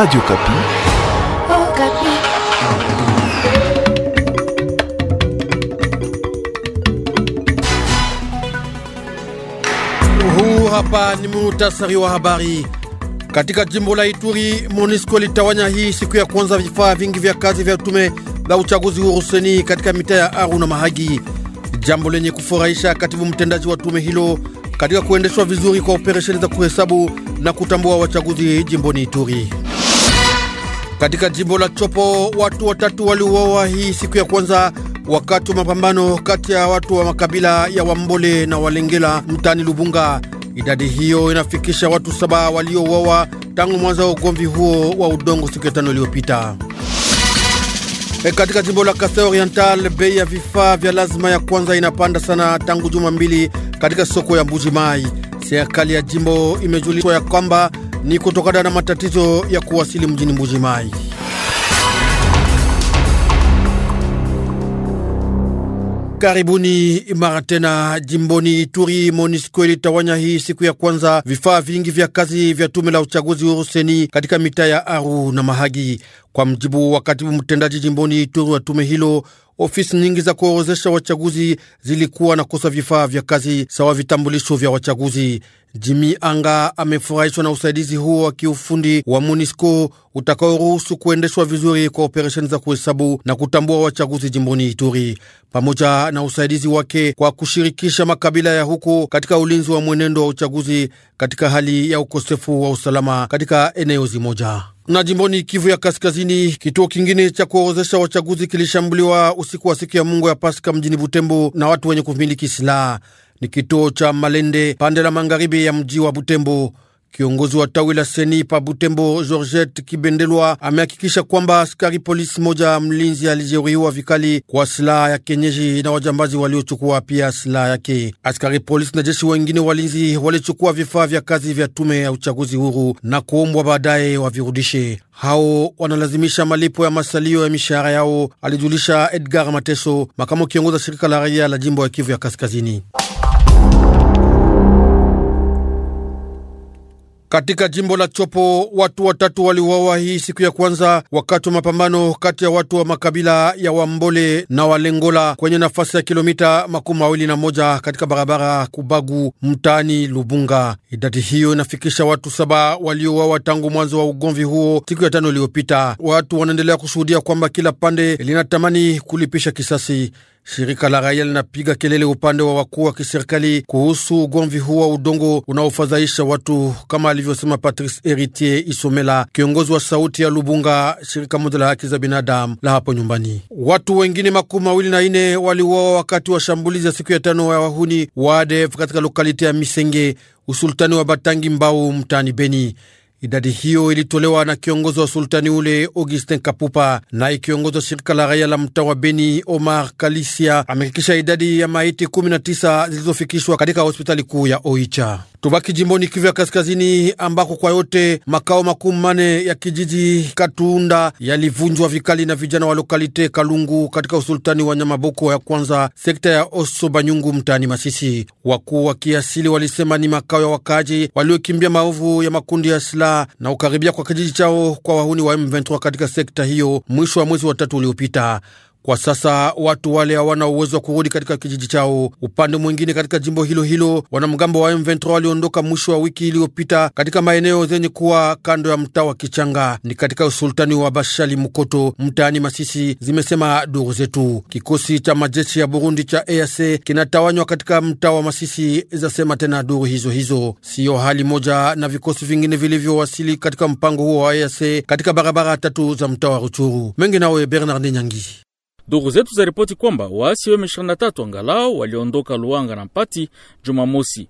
Radio Kapi. Oh, Kapi. Huu hapa ni muhtasari wa habari. Katika jimbo la Ituri, MONUSCO litawanya hii siku ya kwanza vifaa vingi vya kazi vya tume la uchaguzi huru seni katika mitaa ya Aru na Mahagi, jambo lenye kufurahisha katibu mtendaji wa tume hilo katika kuendeshwa vizuri kwa operesheni za kuhesabu na kutambua wachaguzi jimboni Ituri. Katika jimbo la Chopo watu watatu waliuawa hii siku ya kwanza wakati wa mapambano kati ya watu wa makabila ya Wambole na Walengela mtani Lubunga. Idadi hiyo inafikisha watu saba waliouawa tangu mwanzo wa ugomvi huo wa udongo siku ya tano iliyopita. E, katika jimbo la Kasai Oriental bei ya vifaa vya lazima ya kwanza inapanda sana tangu juma mbili katika soko ya Mbuji Mai. Serikali ya jimbo imejulishwa ya kwamba ni kutokana na matatizo ya kuwasili mjini Mbujimai. Karibuni mara tena jimboni Ituri. monisco ilitawanya hii siku ya kwanza vifaa vingi vya kazi vya tume la uchaguzi uruseni katika mitaa ya Aru na Mahagi. Kwa mjibu wa katibu mtendaji jimboni Ituri wa tume hilo, ofisi nyingi za kuorozesha wachaguzi zilikuwa na kosa vifaa vya kazi sawa vitambulisho vya wachaguzi jimi Anga amefurahishwa na usaidizi huo wa kiufundi wa MONUSCO utakaoruhusu kuendeshwa vizuri kwa operesheni za kuhesabu na kutambua wachaguzi jimboni Ituri, pamoja na usaidizi wake kwa kushirikisha makabila ya huko katika ulinzi wa mwenendo wa uchaguzi katika hali ya ukosefu wa usalama katika eneo zimoja na jimboni Kivu ya Kaskazini, kituo kingine cha kuorozesha wachaguzi kilishambuliwa usiku wa siku ya Mungu ya paska mjini Butembo na watu wenye kumiliki silaha ni kituo cha Malende pande la magharibi ya mji wa Butembo. Kiongozi wa tawi la seni pa Butembo, Georgette Kibendelwa, amehakikisha kwamba askari polisi moja mlinzi alijeruhiwa vikali kwa silaha ya kienyeji na wajambazi waliochukua pia silaha yake. Askari polisi na jeshi wengine walinzi walichukua vifaa vya kazi vya tume ya uchaguzi huru na kuombwa baadaye wavirudishe. Hao wanalazimisha malipo ya masalio ya mishahara yao, alijulisha Edgar Mateso, makamu kiongozi wa shirika la raia la jimbo ya Kivu ya Kaskazini. Katika jimbo la Chopo watu watatu waliuawa hii siku ya kwanza wakati wa mapambano kati ya watu wa makabila ya Wambole na Walengola kwenye nafasi ya kilomita makumi mawili na moja katika barabara Kubagu mtaani Lubunga. Idadi hiyo inafikisha watu saba waliouawa tangu mwanzo wa ugomvi huo siku ya tano iliyopita. Watu wanaendelea kushuhudia kwamba kila pande linatamani kulipisha kisasi. Shirika la raia linapiga kelele upande wa wakuu wa kiserikali kuhusu ugomvi huu wa udongo unaofadhaisha watu, kama alivyosema Patrice Heritier Isomela, kiongozi wa Sauti ya Lubunga, shirika moja la haki za binadamu la hapo nyumbani. Watu wengine makumi mawili na ine waliuawa wakati wa shambulizi ya siku ya tano ya wahuni wa ADF katika lokalite ya Misenge, usultani wa Batangi Mbau, mtaani Beni. Idadi hiyo ilitolewa na kiongozi wa sultani ule Augustin Kapupa, na kiongozi wa shirika la raia la mtaa wa Beni Omar Kalisia amehakikisha idadi ya maiti 19 zilizofikishwa katika hospitali kuu ya Oicha. Tubaki jimboni Kivu ya Kaskazini, ambako kwa yote makao makumi mane ya kijiji Katunda yalivunjwa vikali na vijana wa lokalite Kalungu katika usultani wa Nyamaboko ya kwanza, sekta ya Oso Banyungu, mtaani Masisi. Wakuu wa kiasili walisema ni makao ya wakaaji waliokimbia maovu ya makundi ya silaha na ukaribia kwa kijiji chao kwa wahuni wa M23 katika sekta hiyo mwisho wa mwezi wa tatu uliopita. Kwa sasa watu wale hawana uwezo wa kurudi katika kijiji chao. Upande mwingine, katika jimbo hilo hilo, wanamgambo wa M23 waliondoka mwisho wa wiki iliyopita katika maeneo zenye kuwa kando ya mtaa wa Kichanga, ni katika usultani wa Bashali Mukoto mtaani Masisi, zimesema duru zetu. Kikosi cha majeshi ya Burundi cha EAC kinatawanywa katika mtaa wa Masisi, zasema tena duru hizo hizo. Siyo hali moja na vikosi vingine vilivyowasili katika mpango huo wa EAC katika barabara tatu za mtaa wa Ruchuru. Mengi nawe Bernard Nyangi. Ndugu zetu za ripoti kwamba waasi wa M23 angalau waliondoka Luanga na Mpati Jumamosi,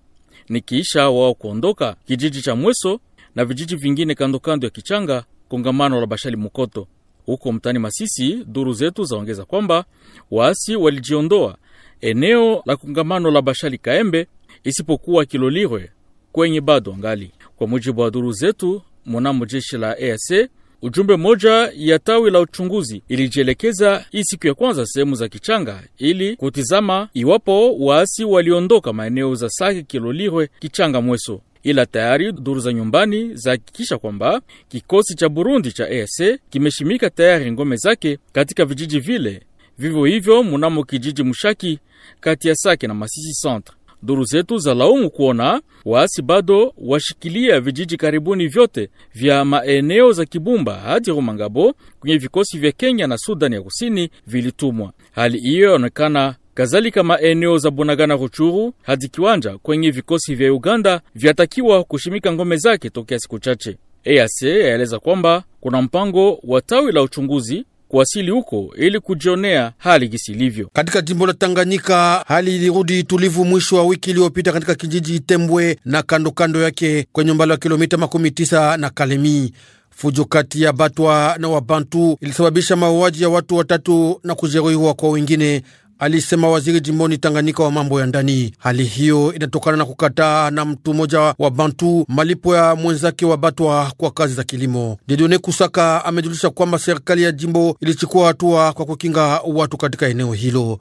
nikiisha wao kuondoka kijiji cha Mweso na vijiji vingine kandokando ya Kichanga, kongamano la Bashali Mukoto huko mtani Masisi. Duru zetu zaongeza kwamba waasi walijiondoa eneo la kongamano la Bashali Kaembe, isipokuwa Kilolirwe kwenye bado angali, kwa mujibu wa duru zetu, mwanamo jeshi la EAC Ujumbe moja ya tawi la uchunguzi ilijielekeza hii siku ya kwanza sehemu za Kichanga ili kutizama iwapo waasi waliondoka maeneo za Sake, Kilolirwe, Kichanga, Mweso ila tayari duru za nyumbani zahakikisha kwamba kikosi cha Burundi cha EAC kimeshimika tayari ngome zake katika vijiji vile. Vivyo hivyo munamo kijiji Mushaki kati ya Sake na Masisi centre. Duru zetu za laumu kuona waasi bado washikilia vijiji karibuni vyote vya maeneo za Kibumba hadi Rumangabo kwenye vikosi vya Kenya na Sudani ya Kusini vilitumwa. Hali hiyo yaonekana kadhalika maeneo za Bunagana, Ruchuru hadi Kiwanja kwenye vikosi vya Uganda vyatakiwa kushimika ngome zake tokea siku chache. EAC yaeleza kwamba kuna mpango wa tawi la uchunguzi kuwasili huko ili kujionea hali ilivyo. Katika jimbo la Tanganyika, hali ilirudi tulivu mwisho wa wiki iliyopita katika kijiji Itembwe na kando kando yake kwenye umbali wa kilomita makumi tisa na Kalemi. Fujo kati ya Batwa na Wabantu ilisababisha mauaji ya watu watatu na kujeruhiwa kwa wengine alisema waziri jimboni Tanganyika wa mambo ya ndani. Hali hiyo inatokana na kukataa na mtu mmoja wa Bantu malipo ya mwenzake wa Batwa kwa kazi za kilimo. Dedone Kusaka amejulisha kwamba serikali ya jimbo ilichukua hatua kwa kukinga watu katika eneo hilo.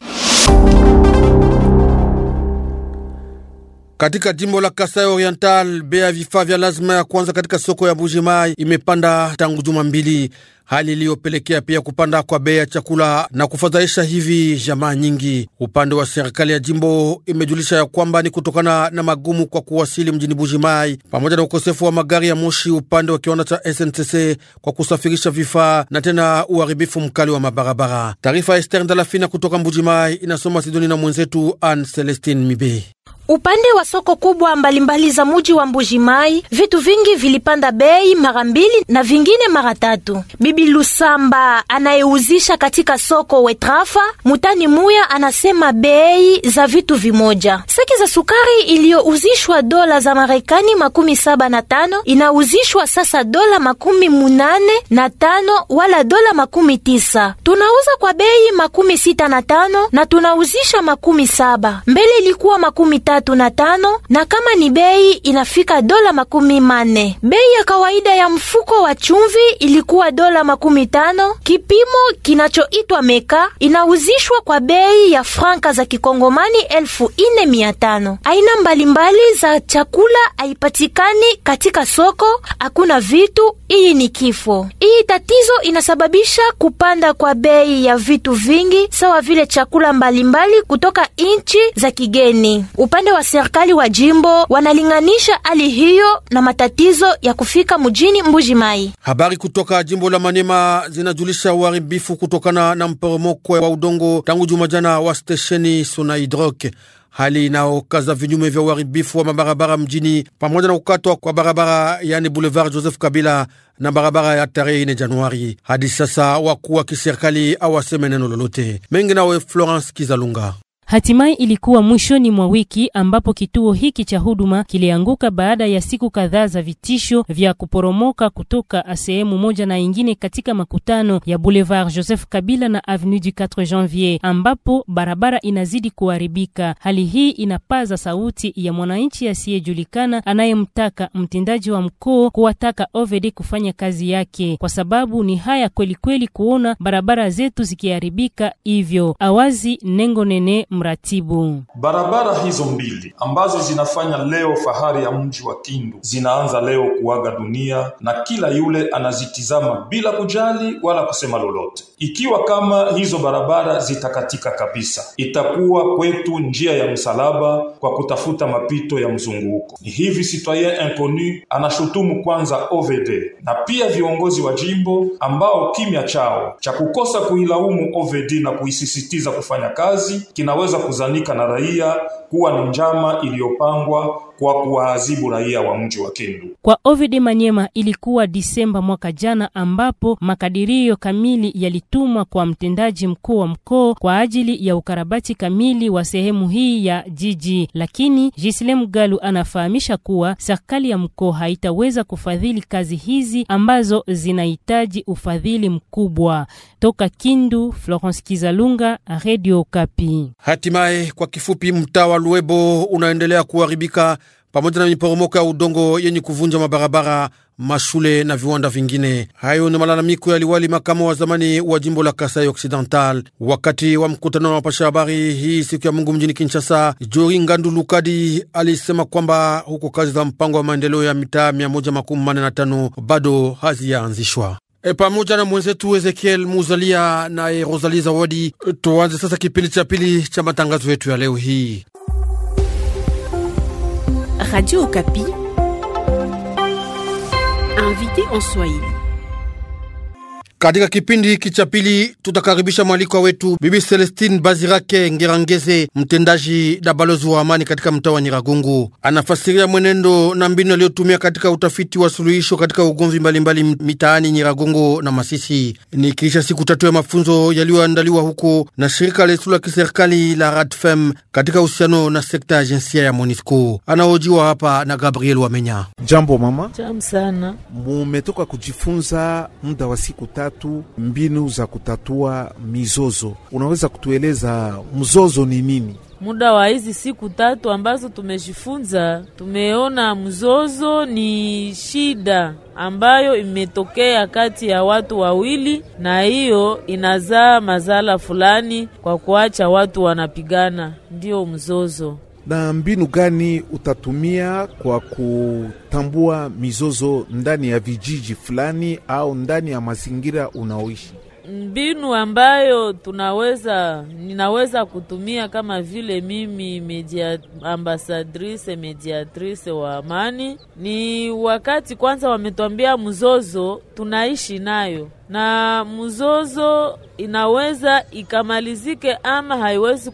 Katika jimbo la Kasai Oriental, bei ya vifaa vya lazima ya kwanza katika soko ya Bujimai imepanda tangu juma mbili hali iliyopelekea pia kupanda kwa bei ya chakula na kufadhaisha hivi jamaa nyingi. Upande wa serikali ya jimbo imejulisha ya kwamba ni kutokana na magumu kwa kuwasili mjini Bujimai pamoja na ukosefu wa magari ya moshi upande wa kiwanda cha SNCC kwa kusafirisha vifaa na tena uharibifu mkali wa mabarabara. Taarifa ya Ester Ndalafina kutoka Mbujimai inasoma Sidoni na mwenzetu Anne Celestine Mibe. Upande wa soko kubwa mbalimbali za muji wa Mbujimai, vitu vingi vilipanda bei mara mbili na vingine mara tatu. Bibi Lusamba anayeuzisha katika soko Wetrafa mutani Muya anasema bei za vitu vimoja, saki za sukari iliyouzishwa dola za Marekani makumi saba na tano inauzishwa sasa dola makumi munane na tano wala dola makumi tisa. Tunauza kwa bei makumi sita na tano na tunauzisha makumi saba mbele ilikuwa makumi tano tatu na tano na kama ni bei inafika dola makumi mane. Bei ya kawaida ya mfuko wa chumvi ilikuwa dola makumi tano. Kipimo kinachoitwa meka inauzishwa kwa bei ya franka za kikongomani elfu ine mia tano. Aina mbalimbali za chakula haipatikani katika soko, hakuna vitu. Iyi ni kifo. Iyi tatizo inasababisha kupanda kwa bei ya vitu vingi sawa vile chakula mbalimbali mbali kutoka inchi za kigeni. Upande upande wa serikali wa jimbo wanalinganisha hali hiyo na matatizo ya kufika mjini Mbuji Mai. Habari kutoka jimbo la Manema zinajulisha uharibifu kutokana na mporomoko wa udongo tangu jumajana wa stesheni Sonaidrok, hali inayokaza vinyume vya uharibifu wa mabarabara mjini pamoja na kukatwa kwa barabara yani Boulevard Joseph Kabila na barabara ya tarehe ine Januari. Hadi sasa wakuu wa kiserikali awaseme neno lolote mengi. Nawe Florence Kizalunga. Hatimaye ilikuwa mwishoni mwa wiki ambapo kituo hiki cha huduma kilianguka baada ya siku kadhaa za vitisho vya kuporomoka kutoka sehemu moja na ingine katika makutano ya Boulevard Joseph Kabila na Avenue du 4 Janvier, ambapo barabara inazidi kuharibika. Hali hii inapaza sauti ya mwananchi asiyejulikana anayemtaka mtendaji wa mkoo kuwataka OVD kufanya kazi yake, kwa sababu ni haya kweli kweli kuona barabara zetu zikiharibika hivyo. Awazi Nengo Nene mratibu. Barabara hizo mbili ambazo zinafanya leo fahari ya mji wa Kindu zinaanza leo kuaga dunia, na kila yule anazitizama bila kujali wala kusema lolote. Ikiwa kama hizo barabara zitakatika kabisa, itakuwa kwetu njia ya msalaba kwa kutafuta mapito ya mzunguko. Ni hivi citoyen inconnu anashutumu kwanza OVD na pia viongozi wa jimbo ambao kimya chao cha kukosa kuilaumu OVD na kuisisitiza kufanya kazi kinaweza inaweza kuzanika na raia kuwa ni njama iliyopangwa kwa kuwaadhibu raia wa mji wa Kindu. Kwa Ovid Manyema, ilikuwa Disemba mwaka jana ambapo makadirio kamili yalitumwa kwa mtendaji mkuu wa mkoa kwa ajili ya ukarabati kamili wa sehemu hii ya jiji, lakini gisle Galu anafahamisha kuwa serikali ya mkoa haitaweza kufadhili kazi hizi ambazo zinahitaji ufadhili mkubwa. Toka Kindu, Florence Kizalunga, Radio Kapi. Hatimaye, kwa kifupi, mtaa wa Luebo unaendelea kuharibika pamoja na miporomoko ya udongo yenye kuvunja mabarabara, mashule na viwanda vingine. Hayo ni malalamiko ya liwali makamo wa zamani wa jimbo la Kasai Occidental wakati wa mkutano wa mapasha habari hii siku ya Mungu mjini Kinshasa. Jori Ngandu Lukadi alisema kwamba huko kazi za mpango wa maendeleo ya mitaa 145 bado haziyaanzishwa. E, pamoja na mwenzetu Ezekiel Muzalia na e, Rosalie Zawadi. E, tuanze sasa kipindi cha pili cha matangazo yetu ya leo hii. Radio Okapi, invité en Swahili. Katika kipindi hiki cha pili tutakaribisha mwalikwa wetu Bibi Celestine Bazirake Ngerangeze, mtendaji na balozi wa amani katika mtaa wa Nyiragungu. Anafasiria mwenendo na mbinu aliyotumia katika utafiti wa suluhisho katika ugomvi mbalimbali mitaani Nyiragungu na Masisi. Ni kisha siku tatu ya mafunzo yaliyoandaliwa huko na shirika lisilo la kiserikali la Radfem katika uhusiano na sekta ya jinsia ya MONUSCO. Anaojiwa hapa na Gabriel Wamenya. Jambo mama. Jambo sana. Mumetoka kujifunza muda wa siku tatu tatu, mbinu za kutatua mizozo. Unaweza kutueleza mzozo ni nini? Muda wa hizi siku tatu ambazo tumejifunza, tumeona mzozo ni shida ambayo imetokea kati ya watu wawili, na hiyo inazaa mazala fulani kwa kuacha watu wanapigana, ndiyo mzozo na mbinu gani utatumia kwa kutambua mizozo ndani ya vijiji fulani au ndani ya mazingira unaoishi? Mbinu ambayo tunaweza ninaweza kutumia kama vile mimi media, ambasadrise mediatrice wa amani, ni wakati kwanza wametuambia mzozo tunaishi nayo na mzozo inaweza ikamalizike ama haiwezi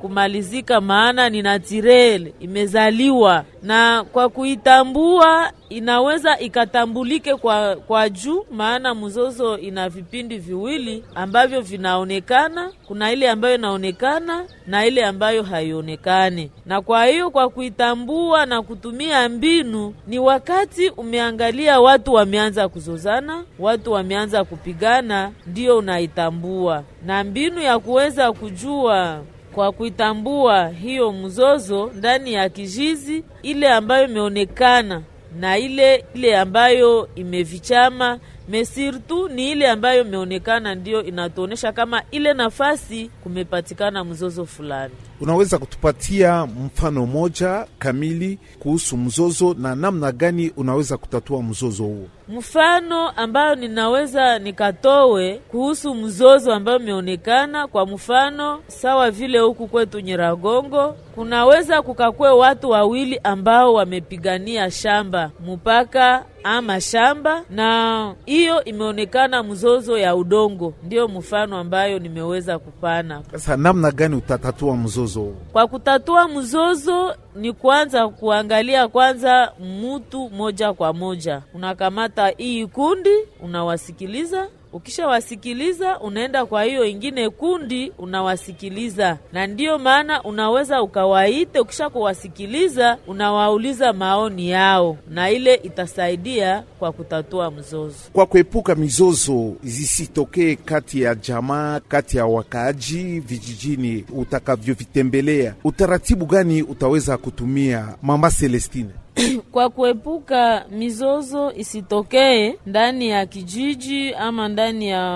kumalizika, maana ni natirele imezaliwa, na kwa kuitambua inaweza ikatambulike kwa, kwa juu. Maana mzozo ina vipindi viwili ambavyo vinaonekana, kuna ile ambayo inaonekana na ile ambayo haionekani. Na kwa hiyo kwa kuitambua na kutumia mbinu, ni wakati umeangalia watu wameanza kuzozana, watu wameanza kupigana, ndiyo unaitambua na mbinu ya kuweza kujua kwa kuitambua hiyo mzozo ndani ya kijizi ile ambayo imeonekana na ile ile ambayo imevichama mesirtu ni ile ambayo imeonekana ndiyo inatuonyesha kama ile nafasi kumepatikana mzozo fulani. Unaweza kutupatia mfano moja kamili kuhusu mzozo na namna gani unaweza kutatua mzozo huo? Mfano ambayo ninaweza nikatowe kuhusu mzozo ambayo imeonekana, kwa mfano sawa vile huku kwetu Nyiragongo kunaweza kukakwe watu wawili ambao wamepigania shamba mpaka ama shamba, na hiyo imeonekana mzozo ya udongo, ndiyo mfano ambayo nimeweza kupana. Sasa namna gani utatatua mzozo? Kwa kutatua mzozo ni kwanza kuangalia kwanza mutu moja kwa moja, unakamata hii kundi unawasikiliza Ukishawasikiliza unaenda kwa hiyo ingine kundi, unawasikiliza na ndiyo maana unaweza ukawaite. Ukisha kuwasikiliza, unawauliza maoni yao, na ile itasaidia kwa kutatua mzozo, kwa kuepuka mizozo zisitokee kati ya jamaa, kati ya wakaaji vijijini. Utakavyovitembelea, utaratibu gani utaweza kutumia, Mama Celestine? kwa kuepuka mizozo isitokee ndani ya kijiji ama ndani ya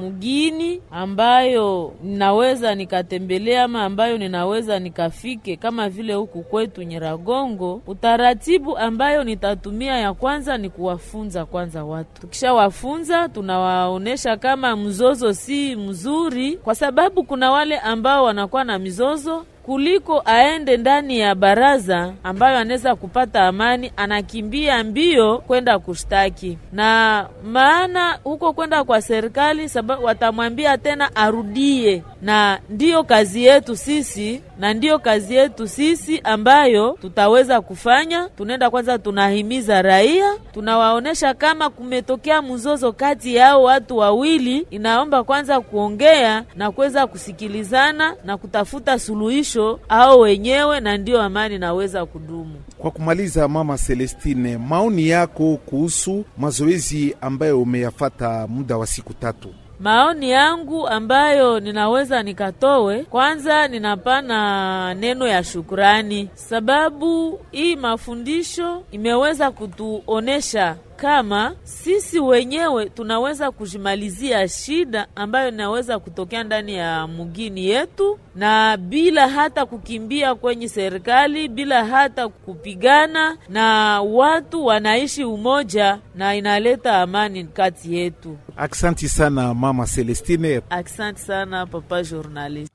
mugini ambayo ninaweza nikatembelea ama ambayo ninaweza nikafike, kama vile huku kwetu Nyiragongo. Utaratibu ambayo nitatumia ya kwanza ni kuwafunza kwanza watu. Tukishawafunza tunawaonyesha kama mzozo si mzuri, kwa sababu kuna wale ambao wanakuwa na mizozo kuliko aende ndani ya baraza ambayo anaweza kupata amani, anakimbia mbio kwenda kushtaki. Na maana huko kwenda kwa serikali, sababu watamwambia tena arudie, na ndiyo kazi yetu sisi na ndiyo kazi yetu sisi ambayo tutaweza kufanya. Tunaenda kwanza, tunahimiza raia, tunawaonesha kama kumetokea mzozo kati yao watu wawili, inaomba kwanza kuongea na kuweza kusikilizana na kutafuta suluhisho ao wenyewe, na ndiyo amani naweza kudumu. Kwa kumaliza, Mama Celestine, maoni yako kuhusu mazoezi ambayo umeyafata muda wa siku tatu? Maoni yangu ambayo ninaweza nikatowe, kwanza ninapana neno ya shukurani, sababu hii mafundisho imeweza kutuonesha kama sisi wenyewe tunaweza kujimalizia shida ambayo inaweza kutokea ndani ya mugini yetu, na bila hata kukimbia kwenye serikali, bila hata kupigana, na watu wanaishi umoja na inaleta amani kati yetu. Aksanti sana mama Celestine. Aksanti sana papa journalist.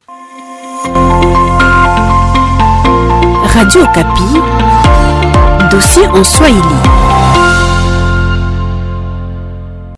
Radio Kapi, dossier en Swahili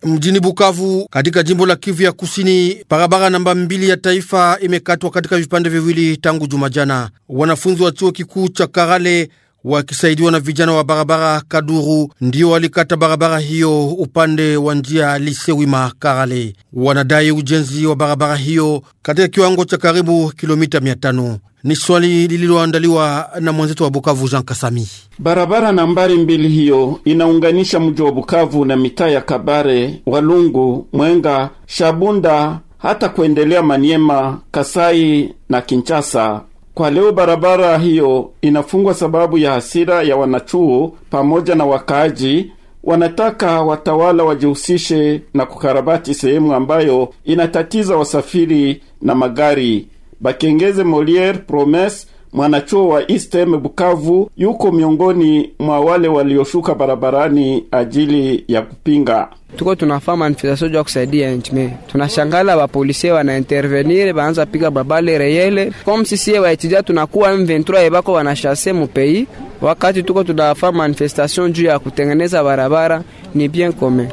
mjini Bukavu katika jimbo la Kivu ya Kusini. Barabara namba mbili ya taifa imekatwa katika vipande viwili tangu Jumajana. Wanafunzi wa chuo kikuu cha Karale wakisaidiwa na vijana wa barabara Kaduru ndiyo walikata barabara hiyo upande wa njia Lisewima Karale. Wanadai ujenzi wa barabara hiyo katika kiwango cha karibu kilomita mia tano. Ni swali lililoandaliwa na mwenzetu wa Bukavu, Jean Kasami. Barabara nambari mbili hiyo inaunganisha mji wa Bukavu na mitaa ya Kabare, Walungu, Mwenga, Shabunda, hata kuendelea Maniema, Kasai na kinchasa Kwa leo barabara hiyo inafungwa sababu ya hasira ya wanachuo pamoja na wakaaji wanataka watawala wajihusishe na kukarabati sehemu ambayo inatatiza wasafiri na magari. Bakengeze Moliere Promesse, mwanachuo wa isteme Bukavu, yuko miongoni mwa wale walioshuka barabarani ajili ya kupinga tuko tunafaa manifestation ya kusaidia nchi me tunashangala bapolisie intervenir baanza piga babale reyele comme sisi waetija tunakuwa M23 ebako wanashase mupei wakati tuko tunafaa manifestation juu ya kutengeneza barabara ni bien commun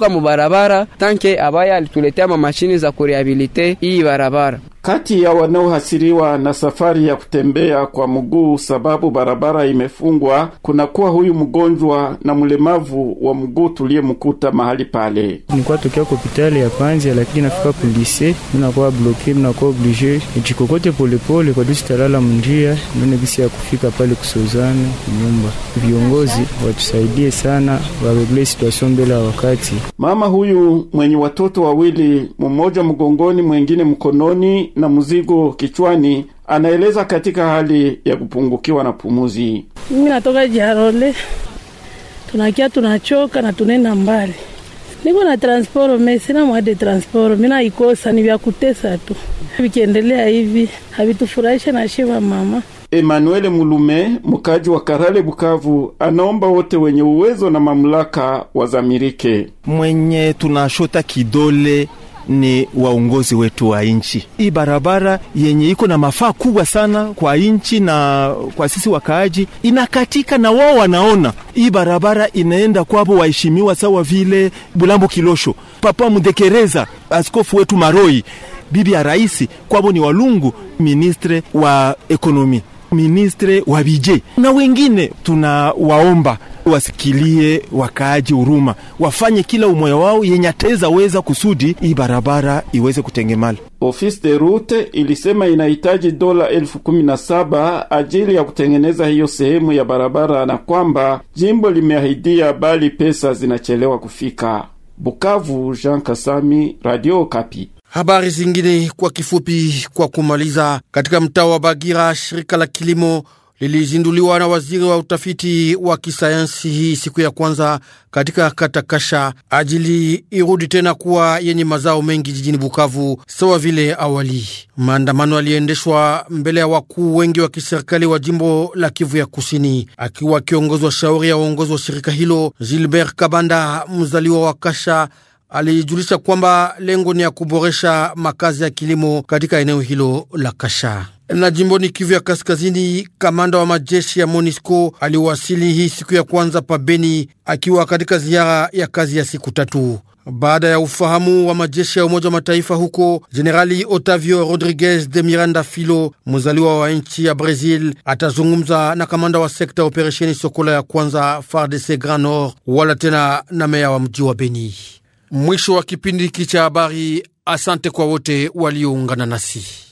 mu mubarabara tanke abaya alituletea mamashini za kurehabilite hii barabara kati ya wanaohasiriwa na safari ya kutembea kwa mguu sababu barabara imefungwa, kunakuwa huyu mgonjwa na mlemavu wa mguu tuliyemkuta mahali pale. Nilikuwa tokea hospitali ya Panzi, lakini nafika kulise, mnakuwa bloke, mnakuwa oblige ijikokote polepole kwa dusi talala mnjia nonekisi ya kufika pale kusozana nyumba. Viongozi watusaidie sana, waregle situasio mbele ya wakati. Mama huyu mwenye watoto wawili, mmoja mgongoni, mwengine mkononi na mzigo kichwani, anaeleza katika hali ya kupungukiwa na pumuzi. Mimi natoka Jarole, tunakia tunachoka na tunaenda mbali, niko na transporo me sina mwade transporo, mi naikosa ni vya kutesa tu, vikiendelea hivi havitufurahisha na shema mama Emmanuel Mulume, mkaji wa Karale Bukavu, anaomba wote wenye uwezo na mamlaka wazamirike. Mwenye tunashota kidole ni waongozi wetu wa nchi. Hii barabara yenye iko na mafaa kubwa sana kwa nchi na kwa sisi wakaaji inakatika, na wao wanaona hii barabara inaenda kwavo waheshimiwa, sawa vile Bulambo Kilosho, Papa Mudekereza, askofu wetu Maroi, bibi ya raisi kwavo ni Walungu, ministre wa ekonomi ministre wa bije na wengine, tunawaomba wasikilie wakaaji huruma, wafanye kila umoya wao yenye ataweza weza kusudi hii barabara iweze kutengemala. Ofisi de Route ilisema inahitaji dola elfu kumi na saba ajili ya kutengeneza hiyo sehemu ya barabara, na kwamba jimbo limeahidia, bali pesa zinachelewa kufika. Bukavu, Jean Kasami, Radio Kapi. Habari zingine kwa kifupi. Kwa kumaliza, katika mtaa wa Bagira shirika la kilimo lilizinduliwa na waziri wa utafiti wa kisayansi hii siku ya kwanza katika Katakasha ajili irudi tena kuwa yenye mazao mengi jijini Bukavu sawa vile awali. Maandamano aliendeshwa mbele ya wakuu wengi wa kiserikali wa jimbo la Kivu ya Kusini. Akiwa kiongozi wa shauri ya uongozi wa shirika hilo, Gilbert Kabanda, mzaliwa wa Kasha, alijulisha kwamba lengo ni ya kuboresha makazi ya kilimo katika eneo hilo la Kasha na jimboni Kivu ya Kaskazini, kamanda wa majeshi ya MONISCO aliwasili hii siku ya kwanza pa Beni akiwa katika ziara ya kazi ya siku tatu baada ya ufahamu wa majeshi ya Umoja wa Mataifa huko. Jenerali Otavio Rodriguez de Miranda Filo, mzaliwa wa nchi ya Brazil, atazungumza na kamanda wa sekta operesheni Sokola ya kwanza FARDC Grand Nord, wala tena na meya wa mji wa Beni. Mwisho wa kipindi hiki cha habari. Asante kwa wote walioungana nasi.